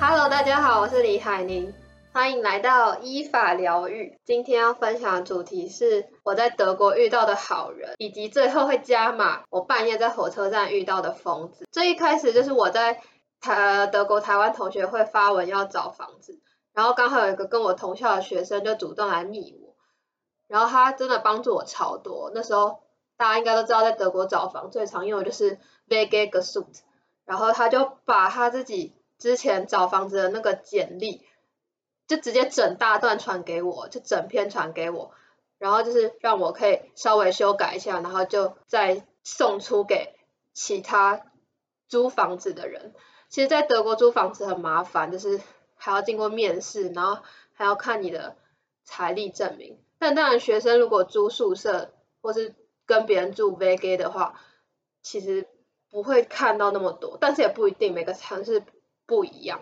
Hello，大家好，我是李海寧，歡迎來到依法療癒。今天要分享的主題是我在德國遇到的好人，以及最後會加碼我半夜在火車站遇到的瘋子。這一開始就是我在台德國台灣同學會發文要找房子，然後剛好有一個跟我同校的學生就主動來覓我，然後他真的幫助我超多。那時候大家應該都知道，在德國找房最常用的就是 WG-Gesucht，然後他就把他自己之前找房子的那個簡歷，就直接整大段傳給我，就整篇傳給我，然後就是讓我可以稍微修改一下，然後就再送出給其他租房子的人。其實，在德國租房子很麻煩，就是還要經過面試，然後還要看你的財力證明。但當然，學生如果租宿舍或是跟別人住 WG 的話，其實。不會看到那麼多，但是也不一定，每個城市不一樣。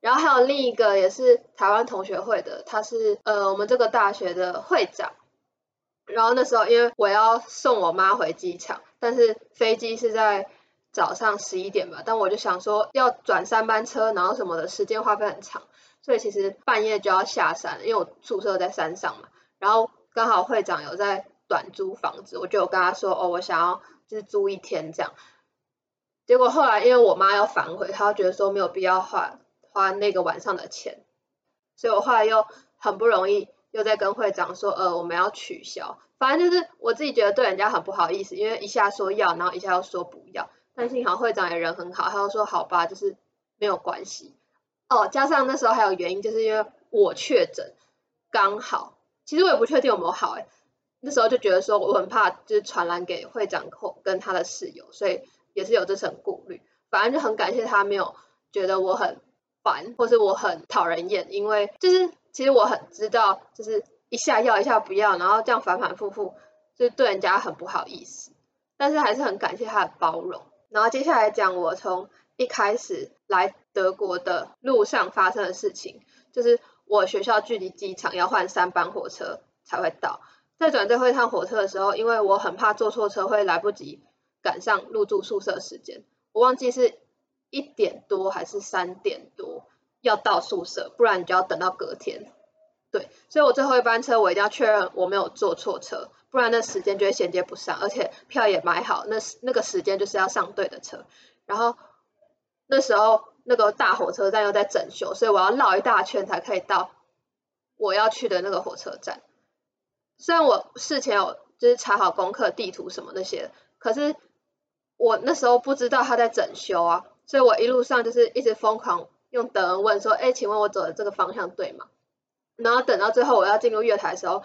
然後還有另一個也是台灣同學會的，他是呃我們這個大學的會長。然後那時候因為我要送我媽回機場，但是飛機是在早上十一點吧，但我就想說要轉三班車，然後什麼的，時間花費很長，所以其實半夜就要下山，因為我宿舍在山上嘛。然後剛好會長有在短租房子，我就有跟他說哦，我想要就是租一天這樣。結果後來，因為我媽要反悔，她覺得說沒有必要花花那個晚上的錢，所以我後來又很不容易，又在跟會長說，呃，我們要取消。反正就是我自己覺得對人家很不好意思，因為一下說要，然後一下又說不要。但是幸好會長也人很好，他又說好吧，就是沒有關係。哦，加上那時候還有原因，就是因為我確診，剛好，其實我也不確定有沒有好哎、欸。那時候就覺得說我很怕，就是傳染給會長跟他的室友，所以。也是有這層顧慮，反正就很感謝他沒有覺得我很煩，或是我很討人厭，因為就是其實我很知道，就是一下要，一下不要，然後這樣反反复复，就是對人家很不好意思，但是還是很感謝他的包容。然後接下來講我從一開始來德國的路上發生的事情，就是我學校距離機場要換三班火車才會到，再轉最後一趟火車的時候，因為我很怕坐錯車會來不及。趕上入住宿舍時間，我忘記是一點多還是三點多要到宿舍，不然你就要等到隔天。對，所以我最後一班車我一定要確認我沒有坐錯車，不然那時間就會銜接不上，而且票也買好，那那個時間就是要上對的車。然後那時候那個大火車站又在整修，所以我要繞一大圈才可以到我要去的那個火車站。雖然我事前有就是查好功課、地圖什麼那些，可是。我那時候不知道他在整修啊，所以我一路上就是一直瘋狂用德文問說：“欸，請問我走的這個方向對嗎？”然後等到最後我要進入月台的時候，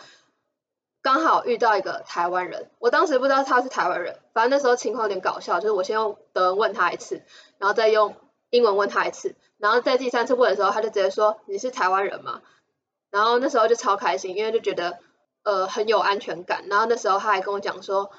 剛好遇到一個台灣人，我當時不知道他是台灣人，反正那時候情況有點搞笑，就是我先用德文問他一次，然後再用英文問他一次，然後在第三次問的時候，他就直接說：“你是台灣人嗎？”然後那時候就超開心，因為就覺得呃很有安全感。然後那時候他還跟我講說。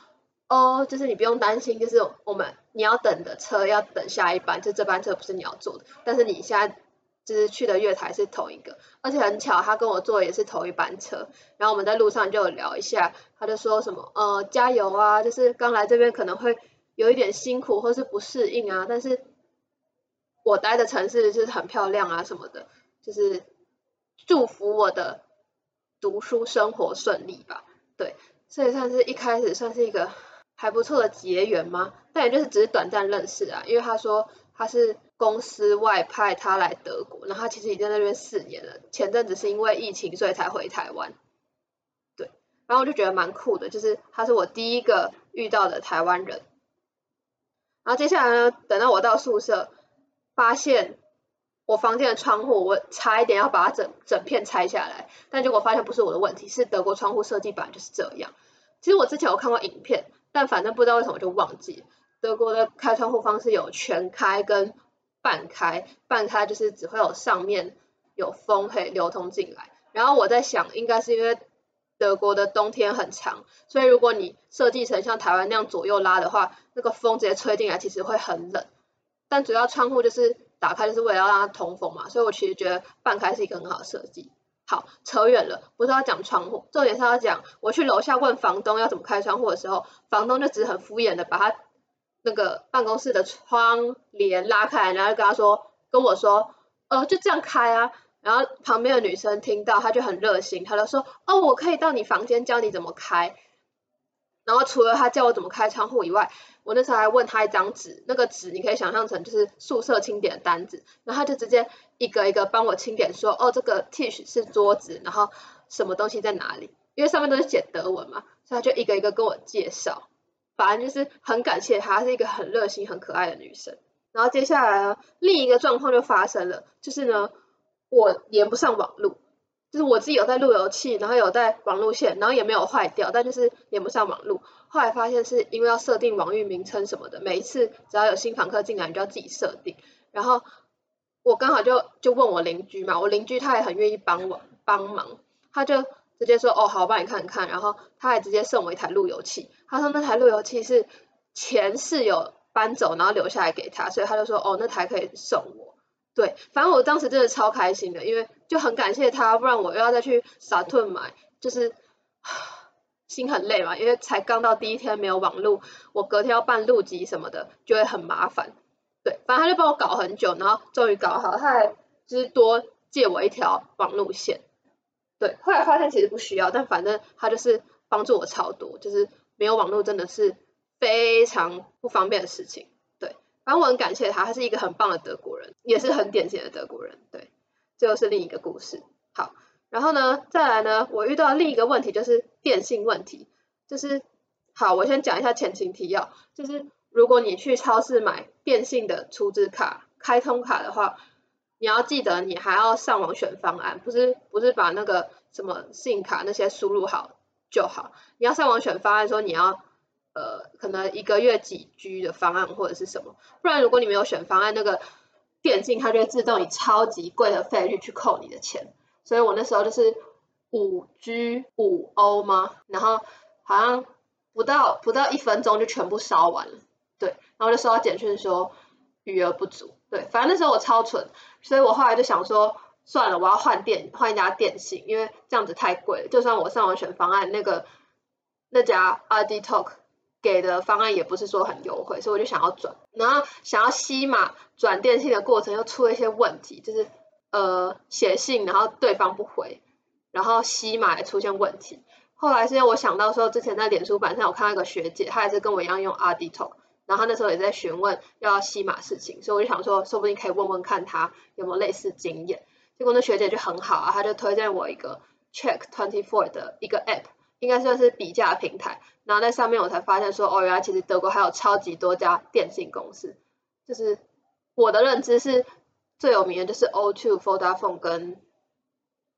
哦，就是你不用擔心，就是我們你要等的車要等下一班，就這班車不是你要坐的。但是你現在就是去的月台是同一個，而且很巧，他跟我坐也是同一班車。然後我們在路上就有聊一下，他就說什麼呃加油啊，就是剛來這邊可能會有一點辛苦或是不適應啊。但是我待的城市就是很漂亮啊什麼的，就是祝福我的讀書生活順利吧。對，所以算是一開始算是一個。還不錯的結緣嗎？但也就是只是短暫認識啊，因為他說他是公司外派，他來德國，然後他其實已經在那邊四年了。前陣子是因為疫情，所以才回台灣。對，然後我就覺得蠻酷的，就是他是我第一個遇到的台灣人。然後接下來呢，等到我到宿舍，發現我房間的窗戶，我差一點要把它整整片拆下來，但結果發現不是我的問題，是德國窗戶設計板就是這樣。其實我之前有看過影片。但反正不知道為什麼我就忘記，德國的開窗戶方式有全開跟半開，半開就是只會有上面有風可以流通進來。然後我在想，應該是因為德國的冬天很長，所以如果你設計成像台灣那樣左右拉的話，那個風直接吹進來，其實會很冷。但主要窗戶就是打開，就是為了要讓它通風嘛，所以我其實覺得半開是一個很好的設計。好，扯遠了，不是要講窗戶，重點是要講，我去樓下問房東要怎麼開窗戶的時候，房東就只是很敷衍的把他那個辦公室的窗簾拉開來，然後就跟他說，跟我說，呃，就這樣開啊。然後旁邊的女生聽到，她就很熱心，她就說，哦，我可以到你房間教你怎麼開。然後除了他叫我怎麼開窗戶以外，我那時候還問他一張紙，那個紙你可以想象成就是宿舍清點的單子，然後他就直接一個一個幫我清點說，說哦，這個 Tisch 是桌子，然後什麼東西在哪裡，因為上面都是寫德文嘛，所以他就一個一個跟我介紹。反正就是很感謝她，是一個很熱心、很可愛的女生。然後接下來呢，另一個狀況就發生了，就是呢我連不上網路。就是我自己有帶路由器，然後有帶網路線，然後也沒有壞掉，但就是連不上網絡。後來發現是因為要設定網域名稱什麼的，每一次只要有新房客進來，你就要自己設定。然後我剛好就就問我鄰居嘛，我鄰居他也很願意幫我幫忙，他就直接說哦，好，我幫你看看。然後他還直接送我一台路由器，他說那台路由器是前室友搬走，然後留下來給他，所以他就說哦，那台可以送我。對，反正我當時真的超開心的，因為就很感謝他，不然我又要再去 Saturn 買，就是心很累嘛，因為才剛到第一天沒有網絡，我隔天要辦錄機什麼的就會很麻煩。對，反正他就幫我搞很久，然後終於搞好，他還就是多借我一條網路線。對，後來發現其實不需要，但反正他就是幫助我超多，就是沒有網絡真的是非常不方便的事情。反正我很感謝他，他是一個很棒的德國人，也是很典型的德國人。對，這又是另一個故事。好，然後呢，再來呢，我遇到另一個問題就是電信問題。就是，好，我先講一下前情提要。就是，如果你去超市買電信的儲值卡、開通卡的話，你要記得你還要上網選方案，不是不是把那個什麼信用卡那些輸入好就好。你要上網選方案說你要。呃，可能一個月幾 G 的方案或者是什麼，不然如果你沒有選方案，那個電信它就會自動以超級貴的費率去扣你的錢。所以我那時候就是五 G 五歐嗎？然後好像不到不到一分鐘就全部燒完了，對。然後就收到簡訊說餘額不足，對。反正那時候我超蠢，所以我後來就想說算了，我要換電換一家電信，因為這樣子太貴了。就算我上網選方案，那個那家 Aldi Talk。給的方案也不是說很優惠，所以我就想要轉，然後想要攜碼轉電信的過程又出了一些問題，就是呃寫信，然後對方不回，然後攜碼也出現問題。後來是因為我想到說之前在臉書版上有看到一個學姐，她也是跟我一樣用 Aldi Talk，然後那時候也在詢問要攜碼事情，所以我就想說說不定可以問問看她有沒有類似經驗。結果那學姐就很好啊，她就推薦我一個 Check Twenty Four 的一個 App。應該算是比價平台，然後在上面我才發現說，哦呀，原來其實德國還有超級多家電信公司。就是我的認知是，最有名的就是 O2、Vodafone 跟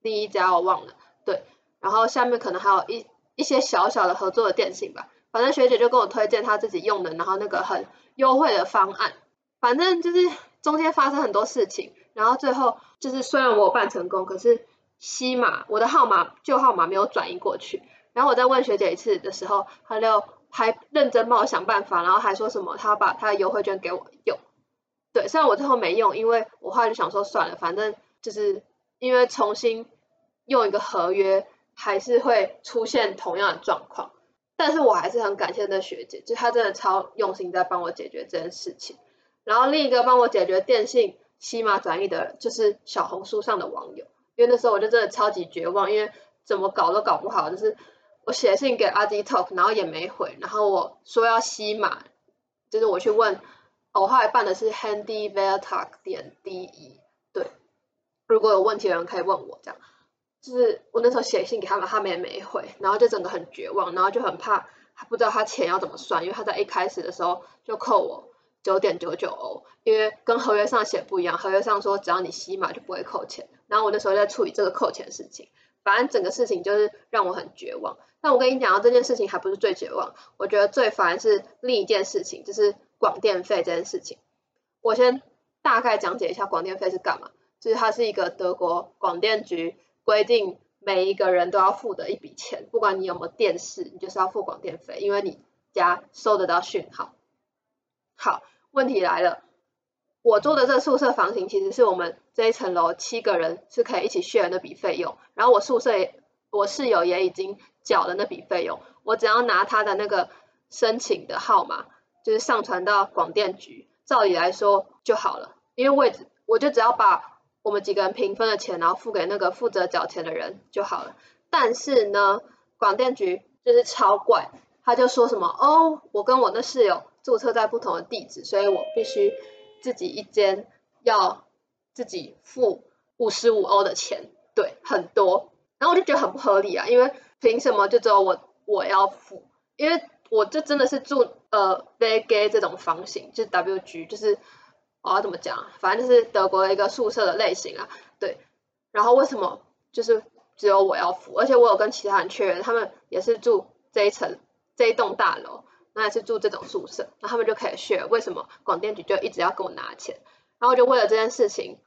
第一家我忘了，對。然後下面可能還有一一些小小的合作的電信吧。反正學姐就跟我推薦她自己用的，然後那個很優惠的方案。反正就是中間發生很多事情，然後最後就是雖然我辦成功，可是西馬我的號碼舊號碼沒有轉移過去。然後我在問學姐一次的時候，他就還認真幫我想辦法，然後還說什麼他把他的優惠券給我用，對，雖然我最後沒用，因為我後來就想說算了，反正就是因為重新用一個合約還是會出現同樣的狀況，但是我還是很感謝那學姐，就他真的超用心在幫我解決這件事情。然後另一個幫我解決電信 SIM 卡轉移的，就是小紅書上的網友，因為那時候我就真的超級絕望，因為怎麼搞都搞不好，就是。我寫信給阿迪 Talk，然後也沒回。然後我說要洗碼，就是我去問，哦、我後來辦的是 Handy Ver Talk 點 DE，對。如果有問題的人可以問我這樣，就是我那時候寫信給他們，他們也沒回。然後就整個很絕望，然後就很怕，不知道他錢要怎麼算，因為他在一開始的時候就扣我九點九九歐，因為跟合約上寫不一樣，合約上說只要你洗碼就不會扣錢。然後我那時候在處理這個扣錢的事情。反正整個事情就是讓我很絕望。但我跟你講到這件事情還不是最絕望，我覺得最煩是另一件事情，就是廣電費這件事情。我先大概講解一下廣電費是幹嘛，就是它是一個德國廣電局規定每一個人都要付的一筆錢，不管你有沒有電視，你就是要付廣電費，因為你家收得到訊號。好，問題來了。我住的這個宿舍房型，其實是我們這一層樓七個人是可以一起 share 那筆費用。然後我宿舍也，我室友也已經繳了那筆費用，我只要拿他的那個申請的號碼，就是上傳到廣電局，照理來說就好了。因為位置我就只要把我們幾個人平分的錢，然後付給那個負責繳錢的人就好了。但是呢，廣電局就是超怪，他就說什麼哦，我跟我的室友註冊在不同的地址，所以我必須。自己一間，要自己付五十五歐的錢。對，很多，然後我就覺得很不合理啊，因為憑什麼就只有我我要付？因為我就真的是住呃 b e g a 這種房型，就是 WG，就是我要怎麼講？反正就是德國的一個宿舍的類型啊，對。然後為什麼就是只有我要付？而且我有跟其他人確認，他們也是住這一層這一棟大樓。那也是住這種宿舍，那他們就可以學。為什麼廣電局就一直要跟我拿錢？然後就為了這件事情，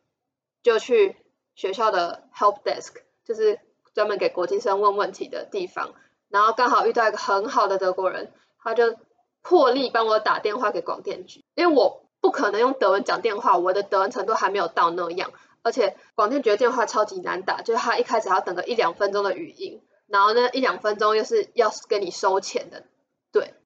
就去學校的 help desk，就是專門給國際生問問題的地方。然後剛好遇到一個很好的德國人，他就破例幫我打電話給廣電局，因為我不可能用德文講電話，我的德文程度還沒有到那樣。而且廣電局的電話超級難打，就是他一開始還要等個一兩分鐘的語音，然後呢一兩分鐘又是要跟你收錢的。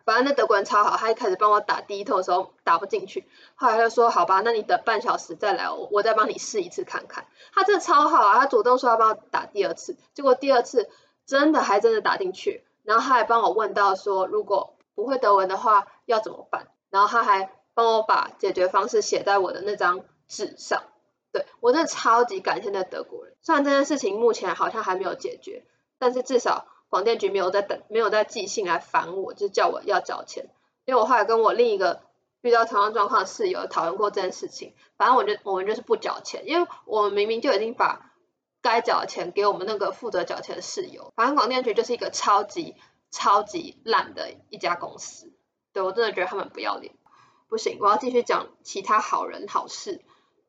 反正那德國人超好，他一開始幫我打第一通的時候打不進去，後來他說好吧，那你等半小時再來，我我再幫你試一次看看。他真的超好啊，他主動說要幫我打第二次，結果第二次真的還真的打進去，然後他還幫我問到說，如果不會德文的話要怎麼辦，然後他還幫我把解決方式寫在我的那張紙上。對，我真的超級感謝那德國人，雖然這件事情目前好像還沒有解決，但是至少。廣電局沒有在等，沒有在寄信來煩我，就是、叫我要繳錢。因為我後來跟我另一個遇到同樣狀況的室友討論過這件事情，反正我就我們就是不繳錢，因為我們明明就已經把該繳的錢給我們那個負責繳錢的室友。反正廣電局就是一個超級超級爛的一家公司，對，我真的覺得他們不要臉。不行，我要繼續講其他好人好事。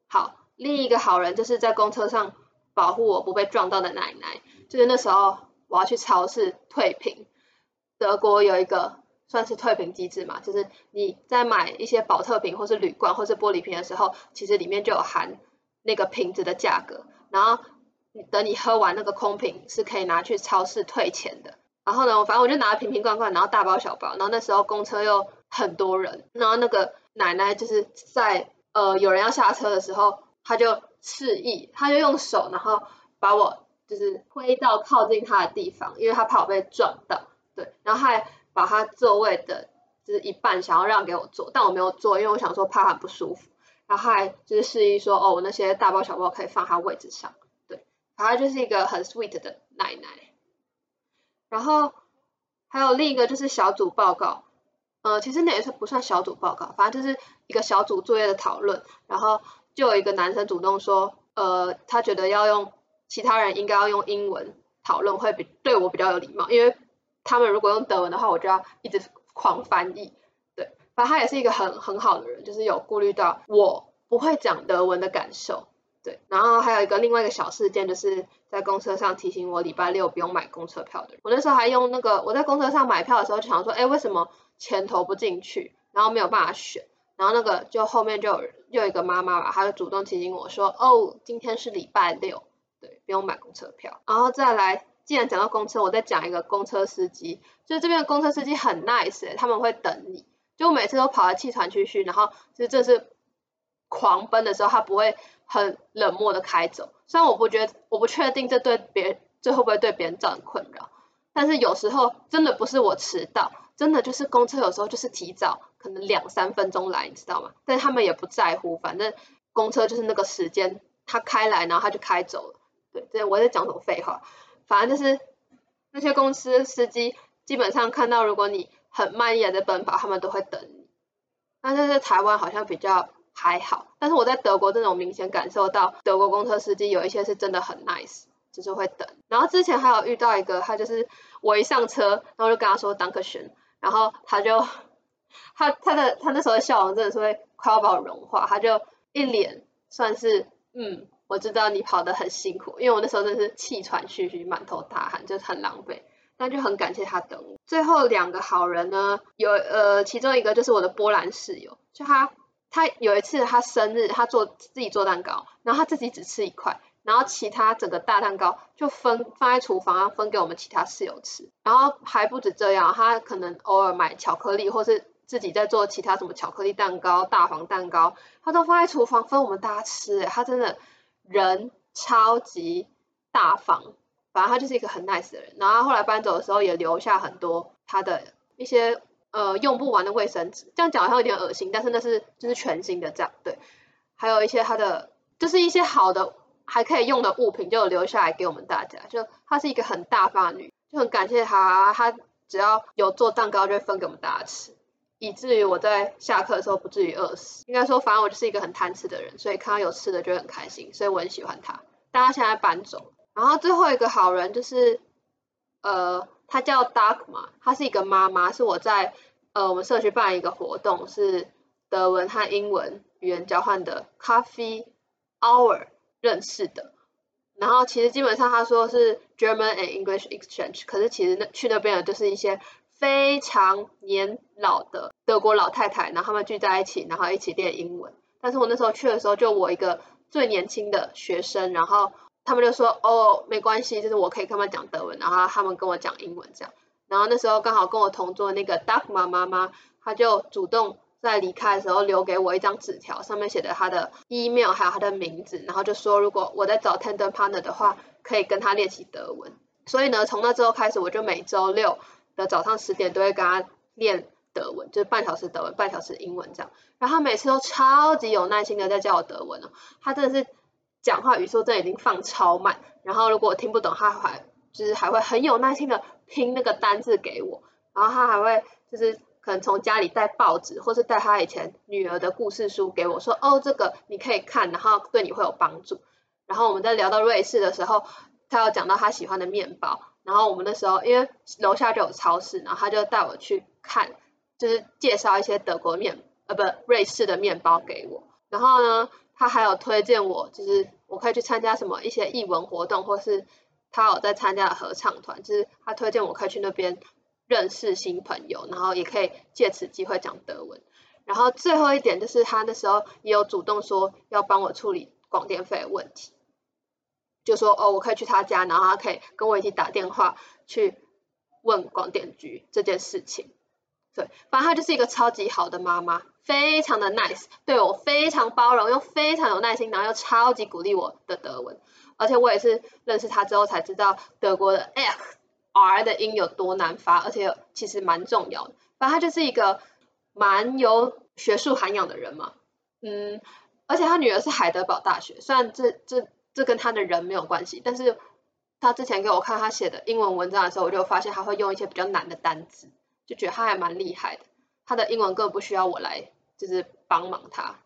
好，另一個好人就是在公車上保護我不被撞到的奶奶，就是那時候。我要去超市退瓶。德國有一個算是退瓶機制嘛，就是你在買一些保特瓶或是鋁罐或是玻璃瓶的時候，其實裡面就有含那個瓶子的價格，然後等你喝完那個空瓶是可以拿去超市退錢的。然後呢，反正我就拿了瓶瓶罐罐，然後大包小包，然後那時候公車又很多人，然後那個奶奶就是在呃，有人要下車的時候，她就示意，她就用手然後把我。就是推到靠近他的地方，因為他怕我被撞到，對。然後還把他座位的就是一半想要讓給我坐，但我沒有坐，因為我想說怕他不舒服。然後還就是示意說，哦，我那些大包小包可以放他位置上，對。反正就是一個很 sweet 的奶奶。然後還有另一個就是小組報告，呃，其實那也是不算小組報告，反正就是一個小組作業的討論。然後就有一個男生主動說，呃，他覺得要用。其他人應該要用英文討論會比對我比較有禮貌，因為他們如果用德文的話，我就要一直狂翻譯。對，反正他也是一個很很好的人，就是有顧慮到我不會講德文的感受。對，然後還有一個另外一個小事件，就是在公車上提醒我禮拜六不用買公車票的人。我那時候還用那個我在公車上買票的時候就想說，誒，為什麼錢投不進去，然後沒有辦法選？然後那個就後面就又有一個媽媽吧，她就主動提醒我說，哦，今天是禮拜六。不用買公車票，然後再來，既然講到公車，我再講一個公車司機，就是這邊的公車司機很 nice，誒、欸，他們會等你，就每次都跑到氣喘吁吁，然後就這是狂奔的時候，他不會很冷漠的開走。雖然我不覺得，我不確定這對別，最後會不會對別人造成困擾，但是有時候真的不是我遲到，真的就是公車有時候就是提早，可能兩三分鐘來，你知道嗎？但是他們也不在乎，反正公車就是那個時間，他開來，然後他就開走了。對，對我在講什麼廢話？反正就是那些公車司機基本上看到如果你很慢一點在奔跑，他們都會等你。但是在台灣好像比較還好，但是我在德國這種明顯感受到，德國公車司機有一些是真的很 nice，就是會等。然後之前還有遇到一個，他就是我一上車，然後就跟他說 “Dankeschön”，然後他就他他的他那時候的笑容真的是會快要把我融化，他就一臉算是嗯。我知道你跑得很辛苦，因為我那時候真的是氣喘吁吁、滿頭大汗，就是很狼狽。那就很感謝他等我。最後兩個好人呢，有呃，其中一個就是我的波蘭室友，就他，他有一次他生日，他做自己做蛋糕，然後他自己只吃一塊，然後其他整個大蛋糕就分放在廚房啊，分給我們其他室友吃。然後還不止這樣，他可能偶爾買巧克力，或是自己在做其他什麼巧克力蛋糕、大黃蛋糕，他都放在廚房分我們大家吃欸，他真的。人超級大方，反正他就是一個很 nice 的人。然後她後來搬走的時候也留下很多他的一些呃用不完的衛生紙，這樣講好像有點噁心，但是那是就是全新的這樣對。還有一些他的就是一些好的還可以用的物品就留下來給我們大家，就他是一個很大方的女，就很感謝他，他只要有做蛋糕就會分給我們大家吃。以至於我在下課的時候不至於餓死。應該說，反正我就是一個很貪吃的人，所以看到有吃的就很開心，所以我很喜歡他。大家現在搬走，然後最後一個好人就是，呃，他叫 Dark 嘛，他是一個媽媽，是我在呃我們社區辦一個活動，是德文和英文語言交換的 Coffee Hour 認識的。然後其實基本上他說是 German and English Exchange，可是其實那去那邊的就是一些非常年老的。德國老太太，然後他們聚在一起，然後一起練英文。但是我那時候去的時候，就我一個最年輕的學生，然後他們就說：“哦，沒關係，就是我可以跟他們講德文，然後他們跟我講英文這樣。”然後那時候剛好跟我同桌那個 Duck 媽媽媽，她就主動在離開的時候留給我一張紙條，上面寫着她的 email 還有她的名字，然後就說：“如果我在找 Tandem Partner 的話，可以跟她練習德文。”所以呢，從那之後開始，我就每週六的早上十點都會跟她練。德文就是半小時德文，半小時英文這樣。然後他每次都超級有耐心的在教我德文呢、哦。他真的是講話語速，這已經放超慢。然後如果我聽不懂，他還就是還會很有耐心的拼那個單字給我。然後他還會就是可能從家裡帶報紙，或是帶他以前女兒的故事書給我，說哦，這個你可以看，然後對你會有幫助。然後我們在聊到瑞士的時候，他有講到他喜歡的麵包。然後我們那時候因為樓下就有超市，然後他就帶我去看。就是介紹一些德國麵，呃，不，瑞士的麵包給我。然後呢，他還有推薦我，就是我可以去參加什麼一些藝文活動，或是他有在參加的合唱團。就是他推薦我可以去那邊認識新朋友，然後也可以借此機會講德文。然後最後一點就是，他那時候也有主動說要幫我處理廣電費的問題，就說哦，我可以去他家，然後他可以跟我一起打電話去問廣電局這件事情。對，反正她就是一個超級好的媽媽，非常的 nice，對我非常包容，又非常有耐心，然後又超級鼓勵我的德文。而且我也是認識她之後才知道德國的 R 的音有多難發，而且其實蠻重要的。反正她就是一個蠻有學術涵養的人嘛，嗯，而且她女兒是海德堡大學，雖然這這這跟她的人沒有關係，但是她之前給我看她寫的英文文章的時候，我就發現她會用一些比較難的單詞。就覺得他還蠻厲害的，他的英文根本不需要我來就是幫忙他，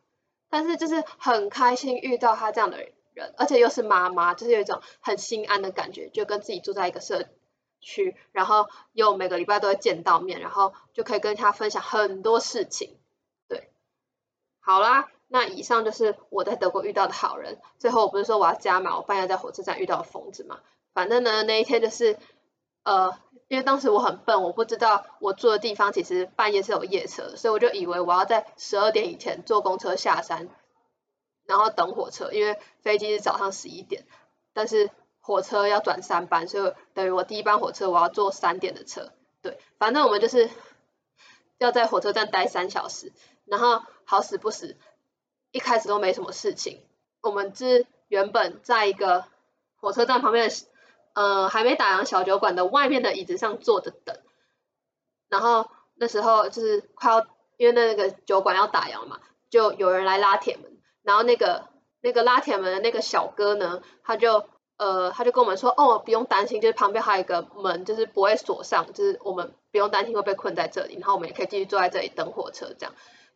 但是就是很開心遇到他這樣的人，而且又是媽媽，就是有一種很心安的感覺，就跟自己住在一個社區，然後又每個禮拜都會見到面，然後就可以跟他分享很多事情。對，好啦，那以上就是我在德國遇到的好人。最後我不是說我要加碼，我半夜在火車站遇到的瘋子嘛，反正呢那一天就是。呃，因為當時我很笨，我不知道我住的地方其實半夜是有夜車，所以我就以為我要在十二點以前坐公車下山，然後等火車，因為飛機是早上十一點，但是火車要轉三班，所以等於我第一班火車我要坐三點的車。對，反正我們就是要在火車站待三小時，然後好死不死，一開始都沒什麼事情，我們是原本在一個火車站旁邊的。呃，還沒打烊小酒館的外面的椅子上坐着等，然後那時候就是快要，因為那個酒館要打烊嘛，就有人來拉鐵門，然後那個那個拉鐵門的那個小哥呢，他就呃他就跟我們說，哦不用擔心，就是旁邊還有一個門，就是不會鎖上，就是我們不用擔心會被困在這裡，然後我們也可以繼續坐在這裡等火車這樣。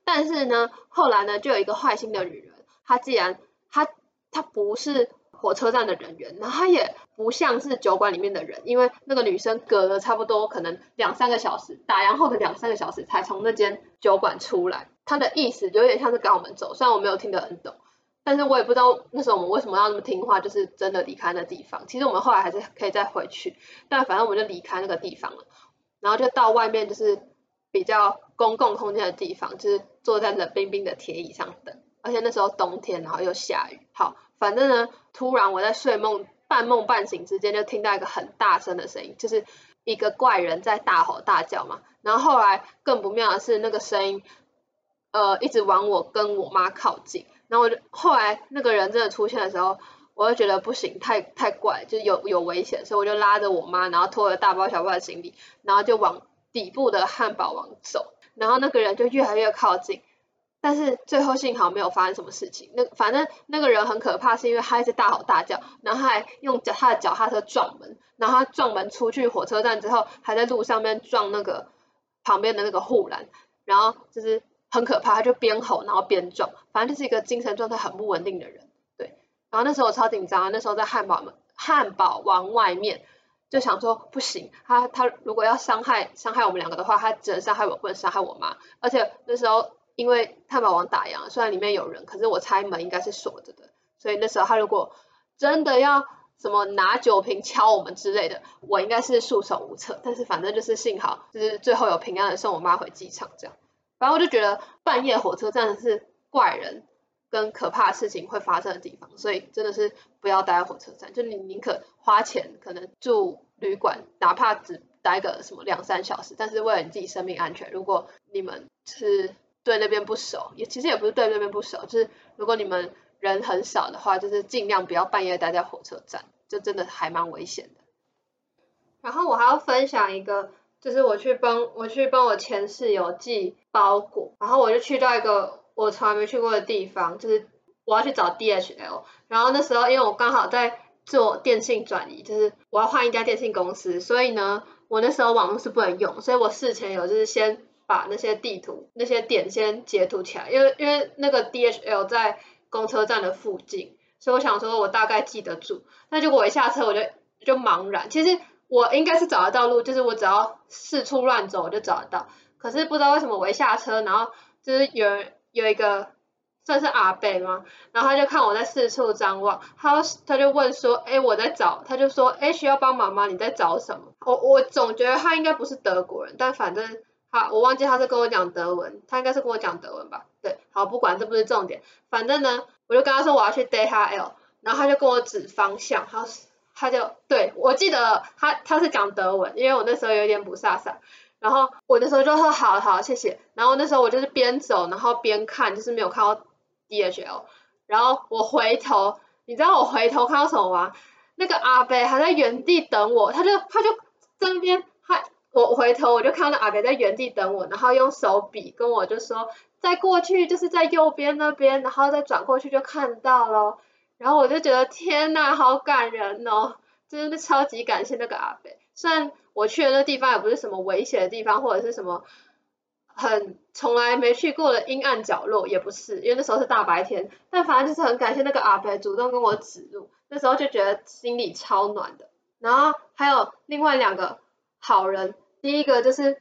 但是呢，後來呢，就有一個壞心的女人，她既然她她不是。火車站的人員，然後他也不像是酒館裡面的人，因為那個女生隔了差不多可能兩三個小時，打烊後的兩三個小時才從那間酒館出來。他的意思就有點像是趕我們走，雖然我沒有聽得很懂，但是我也不知道那時候我們為什麼要那麼聽話，就是真的離開那地方。其實我們後來還是可以再回去，但反正我們就離開那個地方了，然後就到外面就是比較公共空間的地方，就是坐在冷冰冰的鐵椅上等，而且那時候冬天，然後又下雨，好。反正呢，突然我在睡夢半夢半醒之間就聽到一個很大聲的聲音，就是一個怪人在大吼大叫嘛。然後後來更不妙的是，那個聲音呃一直往我跟我媽靠近。然後我就後來那個人真的出現的時候，我就覺得不行，太太怪，就是有有危險，所以我就拉着我媽，然後拖了大包小包的行李，然後就往底部的漢堡王走。然後那個人就越來越靠近。但是最後幸好沒有發生什麼事情。那反正那個人很可怕，是因為他一直大吼大叫，然後還用腳踏腳踏車撞門，然後他撞門出去火車站之後，還在路上面撞那個旁邊的那個護欄，然後就是很可怕，他就邊吼然後邊撞，反正就是一個精神狀態很不穩定的人。對，然後那時候我超緊張，那時候在漢堡門漢堡王外面，就想說不行，他他如果要傷害傷害我們兩個的話，他只能傷害我，不能傷害我媽。而且那時候。因為漢堡王打烊，雖然裡面有人，可是我猜門應該是鎖着的，所以那時候他如果真的要什麼拿酒瓶敲我們之類的，我應該是束手無策。但是反正就是幸好，就是最後有平安的送我媽回機場這樣。反正我就覺得半夜火車站是怪人跟可怕的事情會發生的地方，所以真的是不要待在火車站，就你寧可花錢可能住旅館，哪怕只待個什麼兩三小時，但是為了你自己生命安全，如果你們是。對那邊不熟，也其實也不是對那邊不熟，就是如果你們人很少的話，就是盡量不要半夜待在火車站，就真的還蠻危險的。然後我還要分享一個，就是我去幫我去幫我前室友寄包裹，然後我就去到一個我從來沒去過的地方，就是我要去找 DHL。然後那時候因為我剛好在做電信轉移，就是我要換一家電信公司，所以呢，我那時候網絡是不能用，所以我事前有就是先。把那些地圖那些點先截圖起來，因為因為那個 DHL 在公車站的附近，所以我想說我大概記得住。那結果我一下車我就就茫然。其實我應該是找得到路，就是我只要四處亂走我就找得到。可是不知道為什麼我一下車，然後就是有人有一個算是阿伯嘛，然後他就看我在四處張望，他他就問說：“誒，我在找。”他就說：“誒，需要幫忙嗎？你在找什麼？”我我總覺得他應該不是德國人，但反正。好，我忘記他是跟我講德文，他應該是跟我講德文吧？對，好不管這不是重點，反正呢，我就跟他說我要去 DHL 然後他就跟我指方向，他他就對我記得他他是講德文，因為我那時候有點不傻傻，然後我那時候就說好好謝謝，然後那時候我就是邊走然後邊看，就是沒有看到 DHL，然後我回頭，你知道我回頭看到什麼嗎？那個阿伯還在原地等我，他就他就身邊他。我回頭我就看到阿北在原地等我，然後用手比跟我就說再過去就是在右邊那邊，然後再轉過去就看到咯、哦。然後我就覺得天吶，好感人哦！真的超級感謝那個阿北。雖然我去的那地方也不是什麼危險的地方，或者是什麼很從來沒去過的陰暗角落，也不是，因為那時候是大白天。但反正就是很感謝那個阿北主動跟我指路，那時候就覺得心裡超暖的。然後還有另外兩個好人。第一個就是，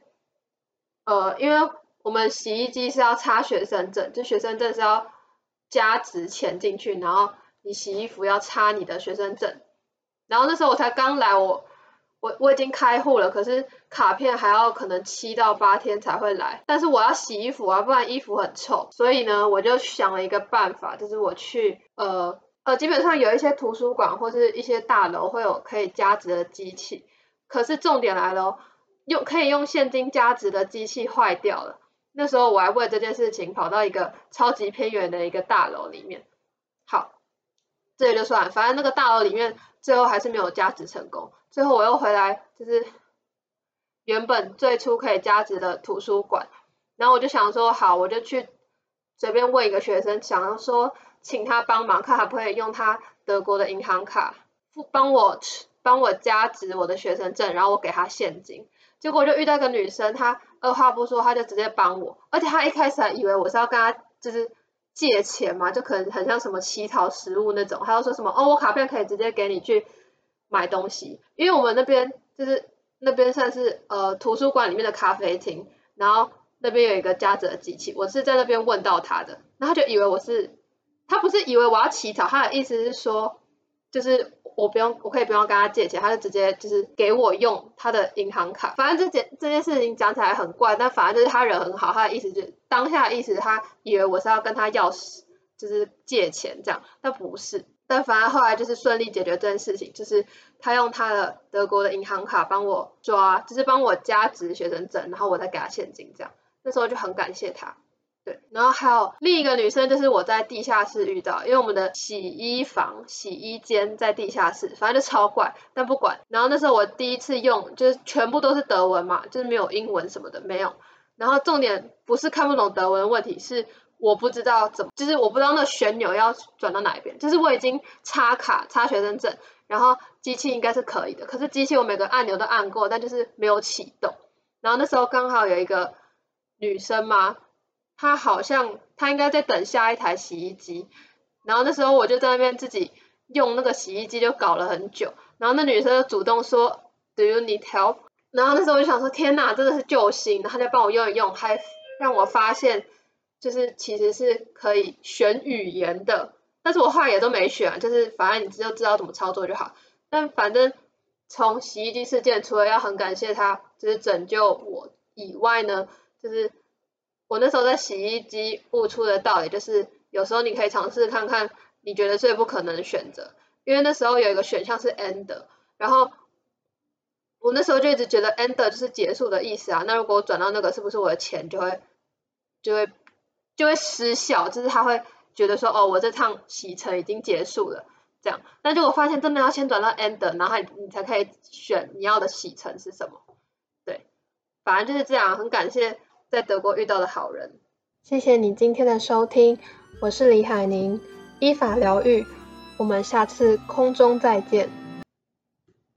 呃，因為我們洗衣機是要插學生證，就學生證是要加值錢進去，然後你洗衣服要插你的學生證。然後那時候我才剛來，我我我已經開戶了，可是卡片還要可能七到八天才會來。但是我要洗衣服啊，不然衣服很臭。所以呢，我就想了一個辦法，就是我去，呃呃，基本上有一些圖書館或是一些大樓會有可以加值的機器。可是重點來了。用可以用現金加值的機器壞掉了，那時候我還為這件事情跑到一個超級偏遠的一個大樓裡面。好，這也就算，反正那個大樓裡面最後還是沒有加值成功。最後我又回來，就是原本最初可以加值的圖書館，然後我就想說，好，我就去隨便問一個學生，想要說請他幫忙，看可不可以用他德國的銀行卡，幫我去。幫我加值我的學生證，然後我給他現金，結果我就遇到一個女生，她二話不說，她就直接幫我，而且她一開始還以為我是要跟她就是借錢嘛，就可能很像什麼乞討食物那種，她就說什麼哦，我卡片可以直接給你去買東西，因為我們那邊就是那邊算是呃圖書館裡面的咖啡廳，然後那邊有一個加值的機器，我是在那邊問到她的，然後她就以為我是，她不是以為我要乞討，她的意思是說，就是我不用，我可以不用跟他借錢，他就直接就是給我用他的銀行卡。反正這件這件事情講起來很怪，但反而就是他人很好。他的意思就是、當下意思，他以為我是要跟他要是就是借錢這樣，但不是。但反正後來就是順利解決這件事情，就是他用他的德國的銀行卡幫我抓，就是幫我加值學生證，然後我再給他現金這樣。那時候就很感謝他。對，然後還有另一個女生，就是我在地下室遇到，因為我們的洗衣房、洗衣間在地下室，反正就超怪。但不管，然後那時候我第一次用，就是全部都是德文嘛，就是沒有英文什麼的，沒有。然後重點不是看不懂德文問題，是我不知道怎麼，就是我不知道那旋鈕要轉到哪一邊。就是我已經插卡、插學生證，然後機器應該是可以的，可是機器我每個按鈕都按過，但就是沒有啟動。然後那時候剛好有一個女生嘛。他，好像他應該在等下一台洗衣機。然後那時候我就在那邊自己用那個洗衣機，就搞了很久，然後那女生就主動說 "Do you need help？"，然後那時候我就想說天吶，真的是救星。然後他就幫我用一用，還讓我發現就是其實是可以選語言的，但是我話也都沒選啊，就是反正你就知道怎麼操作就好。但反正從洗衣機事件，除了要很感謝他就是拯救我以外呢，就是。我那時候在洗衣機悟出的道理就是，有時候你可以嘗試看看你覺得最不可能的選擇，因為那時候有一個選項是 end，然後我那時候就一直覺得 end 就是結束的意思啊。那如果我轉到那個，是不是我的錢就會就會就會失效？就是他會覺得說，哦，我這趟洗程已經結束了，這樣。但結果發現，真的要先轉到 end，然後你你才可以選你要的洗程是什麼。對，反正就是這樣，很感謝。在德國遇到的好人，謝謝你今天的收聽，我是李海寧，依法療癒，我們下次空中再見。